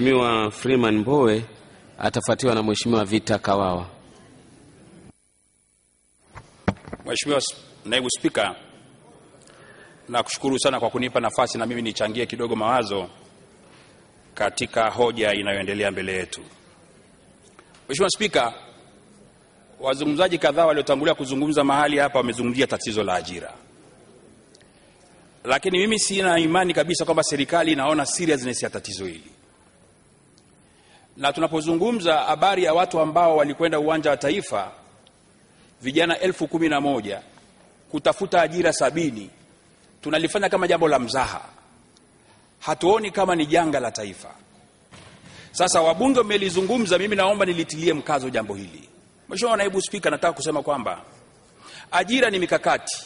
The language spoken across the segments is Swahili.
Mheshimiwa Freeman Mbowe atafuatiwa na Mheshimiwa Vita Kawawa. Mheshimiwa Naibu Spika, nakushukuru sana kwa kunipa nafasi na mimi nichangie kidogo mawazo katika hoja inayoendelea mbele yetu. Mheshimiwa Spika, wazungumzaji kadhaa waliotangulia kuzungumza mahali hapa wamezungumzia tatizo la ajira, lakini mimi sina imani kabisa kwamba serikali inaona seriousness ya tatizo hili. Na tunapozungumza habari ya watu ambao walikwenda uwanja wa Taifa, vijana elfu kumi na moja kutafuta ajira sabini, tunalifanya kama jambo la mzaha, hatuoni kama ni janga la taifa. Sasa wabunge wamelizungumza, mimi naomba nilitilie mkazo jambo hili. mweshimua Naibu Spika, nataka kusema kwamba ajira ni mikakati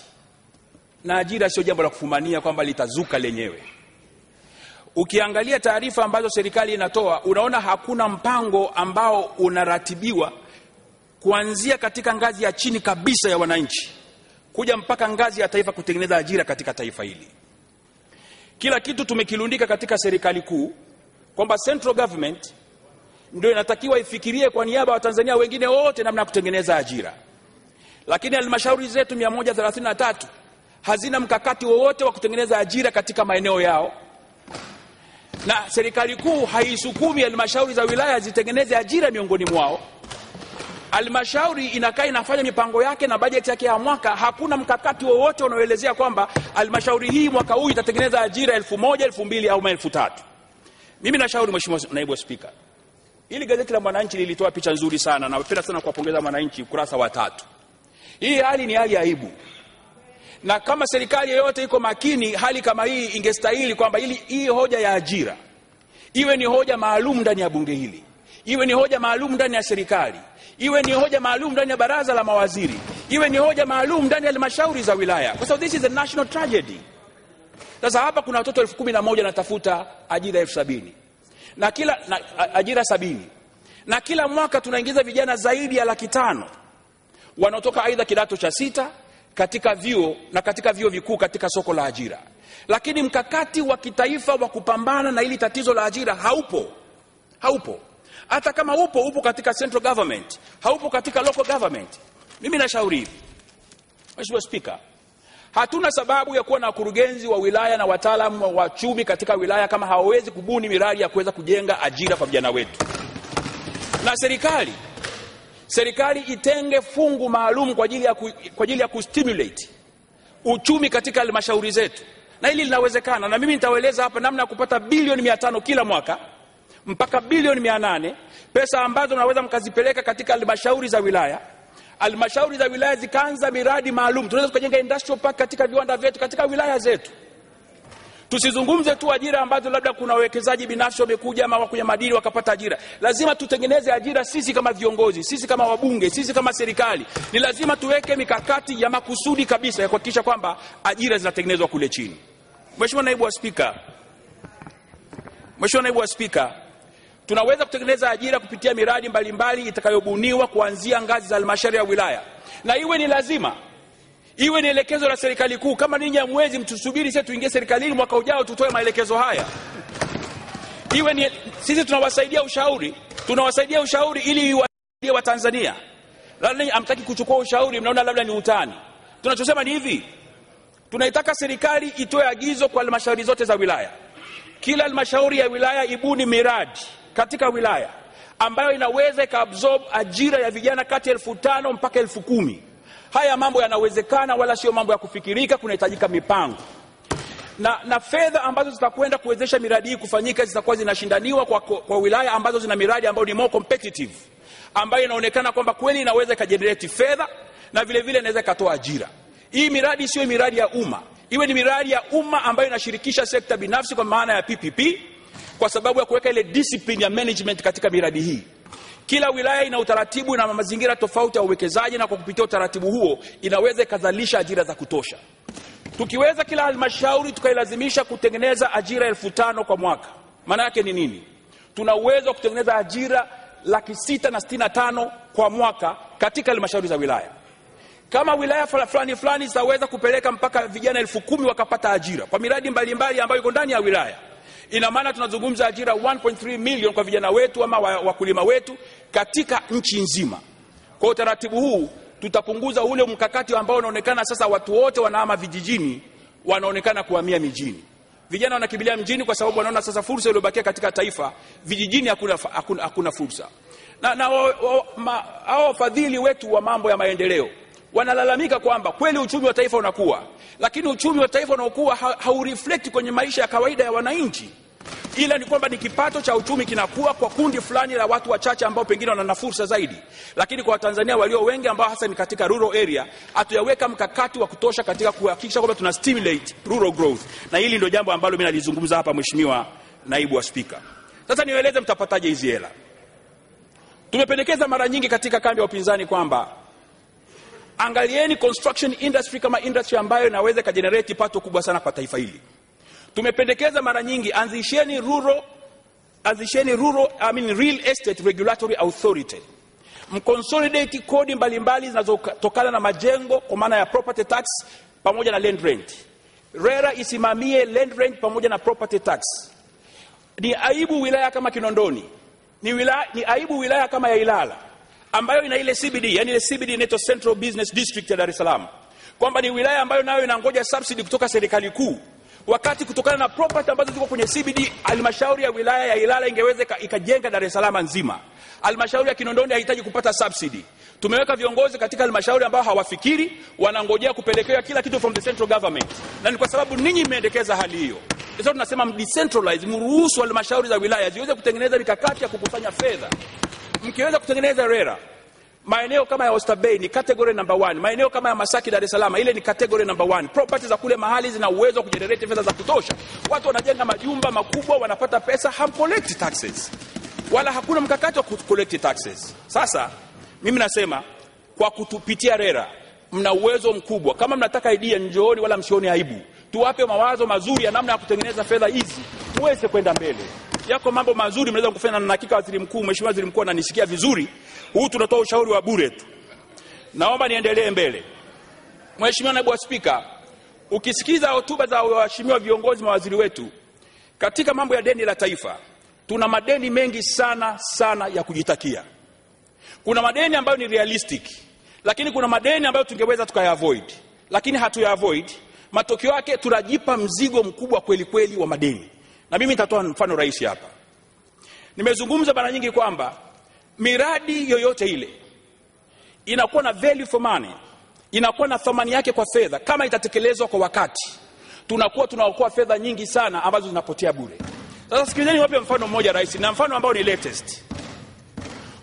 na ajira sio jambo la kufumania kwamba litazuka lenyewe. Ukiangalia taarifa ambazo serikali inatoa, unaona hakuna mpango ambao unaratibiwa kuanzia katika ngazi ya chini kabisa ya wananchi kuja mpaka ngazi ya taifa kutengeneza ajira katika taifa hili. Kila kitu tumekilundika katika serikali kuu kwamba central government ndio inatakiwa ifikirie kwa niaba ya Watanzania wengine wote namna ya kutengeneza ajira, lakini halmashauri zetu 133 hazina mkakati wowote wa kutengeneza ajira katika maeneo yao na serikali kuu haisukumi halmashauri za wilaya zitengeneze ajira miongoni mwao. Halmashauri inakaa inafanya mipango yake na bajeti yake ya mwaka, hakuna mkakati wowote unaoelezea kwamba halmashauri hii mwaka huu itatengeneza ajira elfu moja elfu mbili au elfu tatu. Mimi nashauri mweshimua Naibu Spika, hili gazeti la Mwananchi lilitoa picha nzuri sana, napenda sana kuwapongeza Mwananchi, ukurasa wa tatu. Hii hali ni hali ya aibu na kama serikali yoyote iko makini, hali kama hii ingestahili kwamba ili hii hoja ya ajira iwe ni hoja maalum ndani ya bunge hili, iwe ni hoja maalum ndani ya serikali, iwe ni hoja maalum ndani ya baraza la mawaziri, iwe ni hoja maalum ndani ya halmashauri za wilaya, kwa sababu this is a national tragedy. Sasa hapa kuna watoto elfu kumi na moja ajira elfu sabini na kila na, ajira sabini na kila mwaka tunaingiza vijana zaidi ya laki tano wanaotoka aidha kidato cha sita katika vyuo na katika vyuo vikuu katika soko la ajira, lakini mkakati wa kitaifa wa kupambana na hili tatizo la ajira haupo, haupo. Hata kama upo, upo katika central government, haupo katika local government. Mimi nashauri hivi, Mheshimiwa Spika, hatuna sababu ya kuwa na wakurugenzi wa wilaya na wataalamu wa wachumi katika wilaya kama hawawezi kubuni miradi ya kuweza kujenga ajira kwa vijana wetu na serikali serikali itenge fungu maalum kwa ajili ya, ku, kwa ajili ya kustimulate uchumi katika halmashauri zetu, na hili linawezekana, na mimi nitawaeleza hapa namna ya kupata bilioni mia tano kila mwaka mpaka bilioni mia nane pesa ambazo mnaweza mkazipeleka katika halmashauri za wilaya halmashauri za wilaya zikaanza miradi maalum. Tunaweza tukajenga industrial park katika viwanda vyetu katika wilaya zetu, Tusizungumze tu ajira ambazo labda kuna wawekezaji binafsi wamekuja ama kwenye madini wakapata ajira. Lazima tutengeneze ajira sisi kama viongozi, sisi kama wabunge, sisi kama serikali. Ni lazima tuweke mikakati ya makusudi kabisa ya kuhakikisha kwamba ajira zinatengenezwa kule chini. Mheshimiwa Naibu wa Spika, Mheshimiwa Naibu wa Spika, tunaweza kutengeneza ajira kupitia miradi mbalimbali itakayobuniwa kuanzia ngazi za halmashauri ya wilaya, na iwe ni lazima iwe ni elekezo la serikali kuu kama ninyi amwezi mtusubiri sisi tuingie serikalini mwaka ujao tutoe maelekezo haya iwe ni sisi tunawasaidia ushauri tunawasaidia ushauri ili iwasaidie watanzania lakini amtaki kuchukua ushauri mnaona labda ni utani tunachosema ni hivi tunaitaka serikali itoe agizo kwa halmashauri zote za wilaya kila halmashauri ya wilaya ibuni miradi katika wilaya ambayo inaweza ikaabsorb ajira ya vijana kati ya elfu tano mpaka elfu kumi Haya mambo yanawezekana, wala sio mambo ya kufikirika, kunahitajika mipango na, na fedha ambazo zitakwenda kuwezesha miradi hii kufanyika zitakuwa zinashindaniwa kwa, kwa wilaya ambazo zina miradi ambayo ni more competitive, ambayo inaonekana kwamba kweli inaweza ikajenereti fedha na vile vile inaweza ikatoa ajira. Hii miradi sio miradi ya umma, iwe ni miradi ya umma ambayo inashirikisha sekta binafsi kwa maana ya PPP, kwa sababu ya kuweka ile discipline ya management katika miradi hii. Kila wilaya ina utaratibu na mazingira tofauti ya uwekezaji, na kwa kupitia utaratibu huo inaweza ikazalisha ajira za kutosha. Tukiweza kila halmashauri tukailazimisha kutengeneza ajira elfu tano kwa mwaka, maana yake ni nini? Tuna uwezo wa kutengeneza ajira laki sita na sitini na tano kwa mwaka katika halmashauri za wilaya. Kama wilaya fulani fulani zitaweza kupeleka mpaka vijana elfu kumi wakapata ajira kwa miradi mbalimbali ambayo iko ndani ya wilaya Ina maana tunazungumza ajira 1.3 million kwa vijana wetu ama wakulima wetu katika nchi nzima. Kwa utaratibu huu tutapunguza ule mkakati ambao unaonekana sasa, watu wote wanahama vijijini, wanaonekana kuhamia mijini. Vijana wanakimbilia mjini kwa sababu wanaona sasa fursa iliyobakia katika taifa, vijijini hakuna, hakuna, hakuna fursa. Na, na hao wafadhili wetu wa mambo ya maendeleo wanalalamika kwamba kweli uchumi wa taifa unakuwa, lakini uchumi wa taifa unaokuwa haureflect kwenye maisha ya kawaida ya wananchi ila ni kwamba ni kipato cha uchumi kinakuwa kwa kundi fulani la watu wachache ambao pengine wana fursa zaidi, lakini kwa Watanzania walio wengi ambao hasa ni katika rural area, hatujaweka mkakati wa kutosha katika kuhakikisha kwamba tuna stimulate rural growth, na hili ndio jambo ambalo mimi nalizungumza hapa, Mheshimiwa Naibu wa Spika. Sasa niweleze mtapataje hizi hela. Tumependekeza mara nyingi katika kambi ya upinzani kwamba angalieni construction industry kama industry ambayo inaweza ikajenereti pato kubwa sana kwa taifa hili. Tumependekeza mara nyingi, anzisheni ruro anzisheni ruro I mean real estate regulatory authority, mconsolidate kodi mbalimbali zinazotokana na majengo kwa maana ya property tax pamoja na land rent. RERA isimamie land rent pamoja na property tax. Ni aibu wilaya kama Kinondoni, ni, wila, ni aibu wilaya kama ya Ilala ambayo ina ile CBD, yani ile CBD inaitwa Central Business District ya Dar es Salaam, kwamba ni wilaya ambayo nayo inangoja subsidy kutoka serikali kuu wakati kutokana na property ambazo ziko kwenye CBD, halmashauri ya wilaya ya Ilala ingeweza ikajenga Dar es Salaam nzima. Halmashauri ya Kinondoni haihitaji kupata subsidy. Tumeweka viongozi katika halmashauri ambao hawafikiri, wanangojea kupelekewa kila kitu from the central government, na ni kwa sababu ninyi mmeendekeza hali hiyo. Sasa tunasema mdecentralize, mruhusu halmashauri za wilaya ziweze kutengeneza mikakati ya kukusanya fedha. Mkiweza kutengeneza RERA maeneo kama ya bay ni category number one. Maeneo kama ya Masaki, Dar es Salaam, ile ni category number one. Property za kule mahali zina uwezo wa kujenerate fedha za kutosha. Watu wanajenga majumba makubwa, wanapata pesa, hamcollect taxes, wala hakuna mkakati wa collect taxes. Sasa mimi nasema kwa kutupitia RERA mna uwezo mkubwa. Kama mnataka idea, njooni, wala msioni aibu. Tuwape mawazo mazuri ya namna ya kutengeneza fedha hizi muweze kwenda mbele. Yako mambo mazuri mnaweza kufanya, na hakika waziri mkuu, mheshimiwa waziri mkuu ananisikia vizuri huu tunatoa ushauri wa bure tu. Naomba niendelee mbele. mweshimiwa Naibu wa Spika, ukisikiza hotuba za waheshimiwa viongozi mawaziri wetu katika mambo ya deni la taifa, tuna madeni mengi sana sana ya kujitakia. Kuna madeni ambayo ni realistic, lakini kuna madeni ambayo tungeweza tukayaavoid, lakini hatuyaavoid. Matokeo yake tunajipa mzigo mkubwa kweli kweli wa madeni, na mimi nitatoa mfano rahisi hapa. Nimezungumza mara nyingi kwamba miradi yoyote ile inakuwa na value for money, inakuwa na thamani yake kwa fedha kama itatekelezwa kwa wakati, tunakuwa tunaokoa fedha nyingi sana ambazo zinapotea bure. Sasa sikilizeni, wape mfano mmoja rahisi na mfano ambao ni latest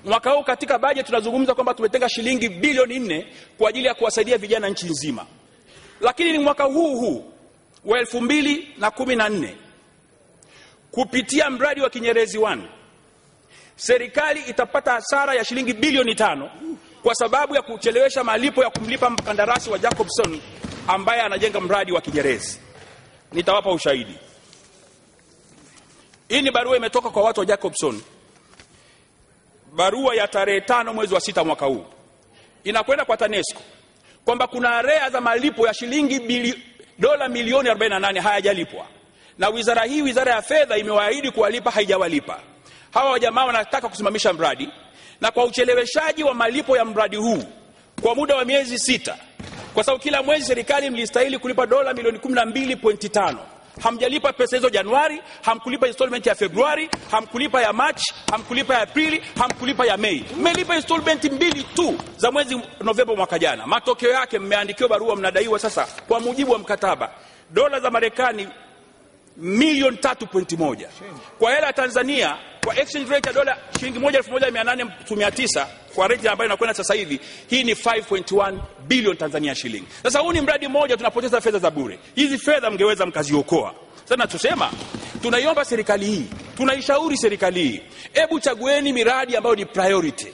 mwaka huu katika bajeti tunazungumza kwamba tumetenga shilingi bilioni nne kwa ajili ya kuwasaidia vijana nchi nzima, lakini ni mwaka huu huu wa elfu mbili na kumi na nne kupitia mradi wa Kinyerezi serikali itapata hasara ya shilingi bilioni tano kwa sababu ya kuchelewesha malipo ya kumlipa mkandarasi wa Jacobson ambaye anajenga mradi wa Kinyerezi. Nitawapa ushahidi. Hii ni barua imetoka kwa watu wa Jacobson, barua ya tarehe tano mwezi wa sita mwaka huu, inakwenda kwa TANESCO kwamba kuna area za malipo ya shilingi bili, dola milioni 48 hayajalipwa, na wizara hii, wizara ya fedha, imewaahidi kuwalipa, haijawalipa hawa wajamaa wanataka kusimamisha mradi na kwa ucheleweshaji wa malipo ya mradi huu kwa muda wa miezi sita, kwa sababu kila mwezi serikali mlistahili kulipa dola milioni 12.5. Hamjalipa pesa hizo Januari, hamkulipa installment ya Februari, hamkulipa ya Machi, hamkulipa ya Aprili, hamkulipa ya Mei. Mmelipa installment mbili tu za mwezi Novemba mwaka jana. Matokeo yake mmeandikiwa barua, mnadaiwa sasa kwa mujibu wa mkataba dola za Marekani milioni 3.1 kwa hela ya Tanzania kwa exchange rate ya dola shilingi 1800 kwa rate ambayo inakwenda sasa hivi, hii ni 5.1 bilion Tanzania shilingi. Sasa huu ni mradi mmoja, tunapoteza fedha za bure. Hizi fedha mngeweza mkaziokoa. Sasa tunachosema tunaiomba serikali hii, tunaishauri serikali hii, hebu chagueni miradi ambayo ni priority.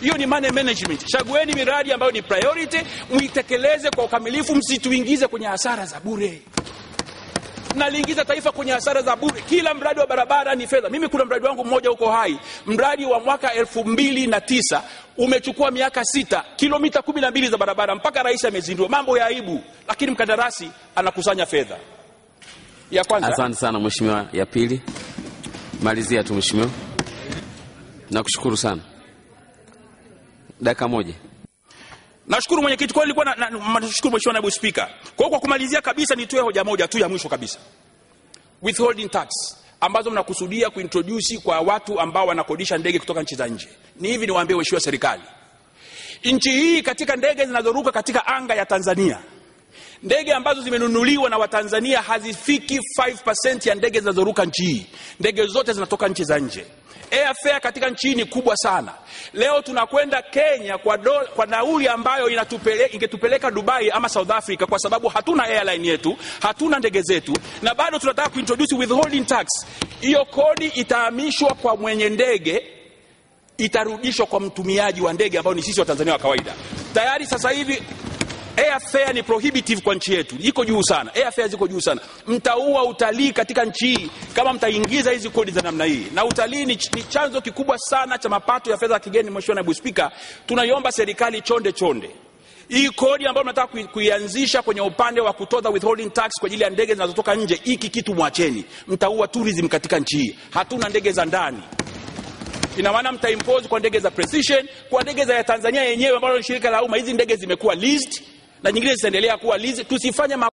Hiyo ni money management. Chagueni miradi ambayo ni priority, muitekeleze kwa ukamilifu, msituingize kwenye hasara za bure naliingiza taifa kwenye hasara za bure. Kila mradi wa barabara ni fedha. Mimi kuna mradi wangu mmoja huko Hai, mradi wa mwaka elfu mbili na tisa umechukua miaka sita, kilomita kumi na mbili za barabara mpaka rais amezindua. Mambo ya aibu, lakini mkandarasi anakusanya fedha. Ya kwanza. Asante sana mheshimiwa. Ya pili, malizia tu mheshimiwa, nakushukuru sana. Dakika moja. Nashukuru mwenyekiti, kwa nilikuwa nashukuru mheshimiwa naibu spika. Kwa hiyo kwa kumalizia kabisa, nitoe hoja moja tu ya mwisho kabisa, withholding tax ambazo mnakusudia kuintroduce kwa watu ambao wanakodisha ndege kutoka nchi za nje. Ni hivi, niwaambie mheshimiwa serikali, nchi hii katika ndege zinazoruka katika anga ya Tanzania Ndege ambazo zimenunuliwa na Watanzania hazifiki 5% ya ndege zinazoruka nchi hii. Ndege zote zinatoka nchi za nje. Airfare katika nchi hii ni kubwa sana. Leo tunakwenda Kenya kwa, do, kwa nauli ambayo inatupele, ingetupeleka Dubai ama South Africa, kwa sababu hatuna airline yetu, hatuna ndege zetu, na bado tunataka kuintroduce withholding tax. Hiyo kodi itahamishwa kwa mwenye ndege itarudishwa kwa mtumiaji wa ndege ambao ni sisi Watanzania wa kawaida. Tayari sasa hivi Airfare ni prohibitive kwa nchi yetu, iko juu sana, airfare ziko juu sana. Mtaua utalii katika nchi hii kama mtaingiza hizi kodi za namna hii, na utalii ni, ch ni chanzo kikubwa sana cha mapato ya fedha za kigeni. Mheshimiwa Naibu Spika, tunaiomba serikali chonde chonde hii kodi ambayo mnataka kuianzisha kwenye upande wa kutoza withholding tax kwa ajili ya ndege zinazotoka nje, hiki kitu mwacheni. Mtaua tourism katika nchi hii, hatuna ndege za ndani. Ina maana mtaimpose kwa ndege za Precision, kwa ndege za ya Tanzania yenyewe ambayo ni shirika la umma. Hizi ndege zimekuwa leased na nyingine zitaendelea kuwa lizi, tusifanye